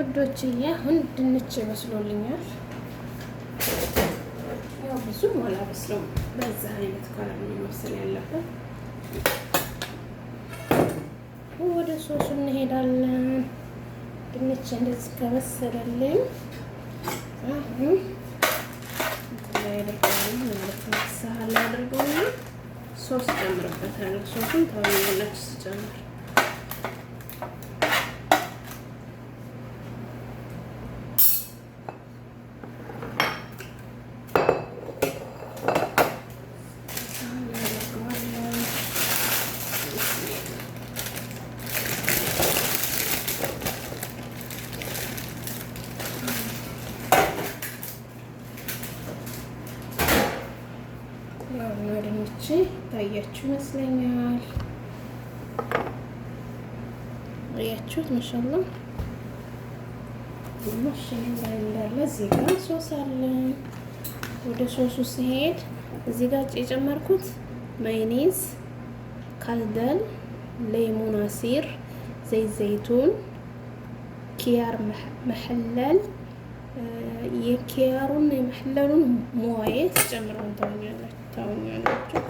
ውዶችዬ አሁን ድንች ይመስሎልኛል። ያው ብዙም አላበስለውም። በዛ አይነት ከሆነ መብሰል ያለበት ወደ ሶሱ እንሄዳለን። ድንች እንደዚህ ከበሰለልኝ አሁን ያደርገዋል ማለት ነው። ሳህል አድርገውና ሶስ ጨምርበታለሁ። ሶሱን ስጨምር አድኖቼ ታያችሁ ይመስለኛል። አያችሁት? ማሻላ ማሽን ላይ እንዳለ እዚህ ጋር ሶስ አለ። ወደ ሶሱ ሲሄድ እዚህ ጋር የጨመርኩት ማይኔዝ፣ ካልደል፣ ሌሞን አሲር፣ ዘይት ዘይቱን፣ ኪያር መሐለል የኪያሩን የመሐለሉን መዋየት ጨምረው እንተወኛለን። አሁን ያለችው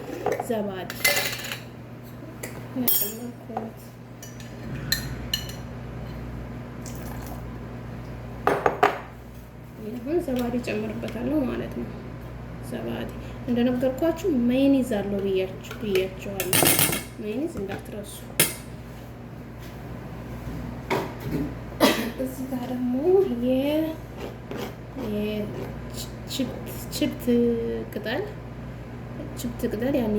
ዘባድ ያጨመርኩት ይሁን ዘባድ እጨምርበታለሁ ማለት ነው። ዘባድ እንደነገርኳችሁ ማይኒዝ አለው ብያችሁ ብያችኋለሁ። ማይኒዝ እንዳትረሱ። እዚህ ጋር ደግሞ የ ችብት ቅጠል ችብት ቅጠል ያኔ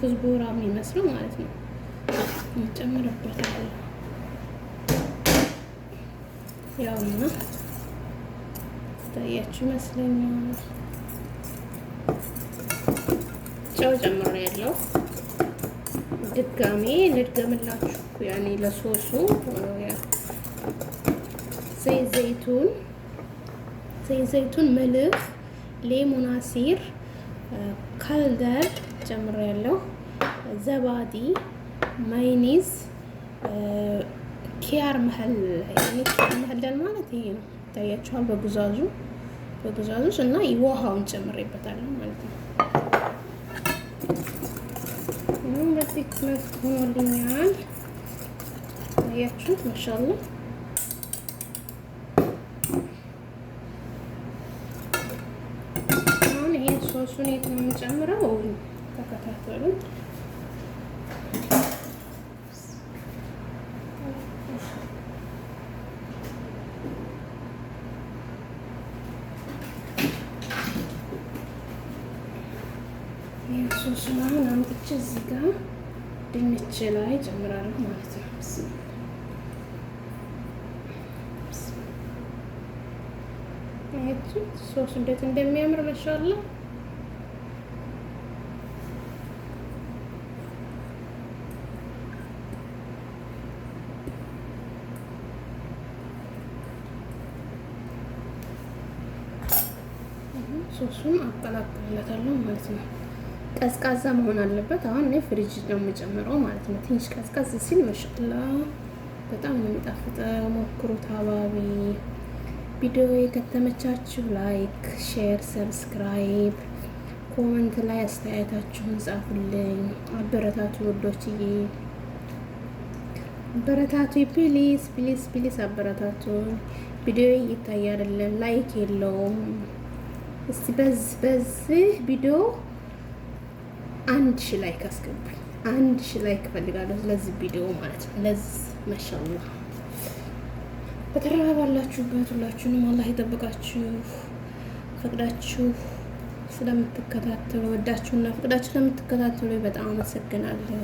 ኩዝቦራ የሚመስለው ማለት ነው ይጨምርበታል። ያው እና ታያችሁ ይመስለኛል። ጨው ጨምሮ ያለው ድጋሜ ልድገምላችሁ። ያኔ ለሶሱ ዘይት ዘይቱን ዘይት ዘይቱን መልክ ሌሞን አሲር ካልደር ያለው ዘባዲ፣ ማይኒዝ፣ ኪያር መሀል ኪያር መሀል ማለት ይሄ ነው። ይታያችኋል በጉዛዙ በጉዛዙስ እና ውሃውን ጨምሬበታለሁ ማለት ነው። በዚህ መልክ ሆኖልኛል። ያችሁት ማሻላ እሱን የት ነው የምንጨምረው? ተከታተሉ። ሶሱን አሁን አምጥቼ እዚህ ጋር ድንች ላይ ጨምራለሁ ማለት ነው። ሶስ እንዴት እንደሚያምር መሻላ ሶሱን አቀላቅልለታለሁ ማለት ነው። ቀዝቃዛ መሆን አለበት። አሁን እኔ ፍሪጅ ነው የምጨምረው ማለት ነው። ትንሽ ቀዝቀዝ ሲል መሻላ በጣም ነው የሚጣፍጠው። ሞክሩት አባቢ። ቪዲዮ የከተመቻችሁ ላይክ፣ ሼር፣ ሰብስክራይብ፣ ኮመንት ላይ አስተያየታችሁን ጻፉልኝ። አበረታቱ ውዶችዬ፣ አበረታቱ። ፕሊስ ፕሊስ ፕሊስ አበረታቱ። ቪዲዮ እይታይ አይደለም ላይክ የለውም። እስቲ በዚህ በዚህ ቪዲዮ አንድ ሺ ላይክ አስገባኝ። አንድ ሺ ላይክ እፈልጋለሁ ለዚህ ቪዲዮ ማለት ነው። ለዚህ ማሻአላ በተረባባላችሁበት ሁላችሁንም አላህ ይጠብቃችሁ። ፈቅዳችሁ ስለምትከታተሉ ወዳችሁና ፈቅዳችሁ ስለምትከታተሉ በጣም አመሰግናለሁ።